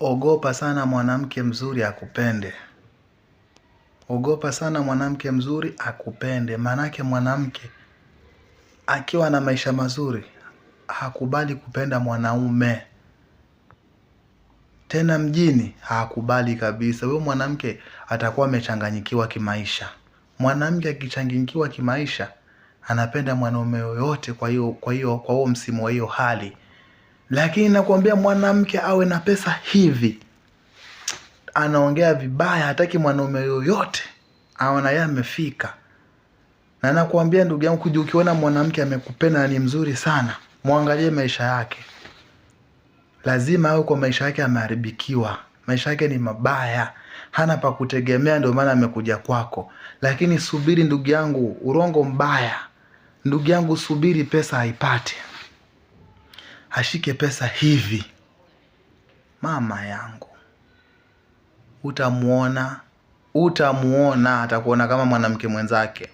Ogopa sana mwanamke mzuri akupende. Ogopa sana mwanamke mzuri akupende. Maanake mwanamke akiwa na maisha mazuri hakubali kupenda mwanaume tena mjini hakubali kabisa. Huyo mwanamke atakuwa amechanganyikiwa kimaisha. Mwanamke akichanganyikiwa kimaisha anapenda mwanaume yoyote. Kwa hiyo kwa hiyo kwa huo msimu wa hiyo hali lakini nakwambia mwanamke awe na pesa hivi, anaongea vibaya, hataki mwanaume yoyote aona yeye amefika. Na nakwambia ndugu yangu, kuja ukiona mwanamke amekupenda na ni mzuri sana, mwangalie maisha yake. Lazima awe kwa maisha yake ameharibikiwa, maisha yake ni mabaya, hana pa kutegemea, ndio maana amekuja kwako. Lakini subiri ndugu yangu, urongo mbaya ndugu yangu, subiri, pesa haipati ashike pesa hivi, mama yangu, utamuona, utamuona, atakuona kama mwanamke mwenzake.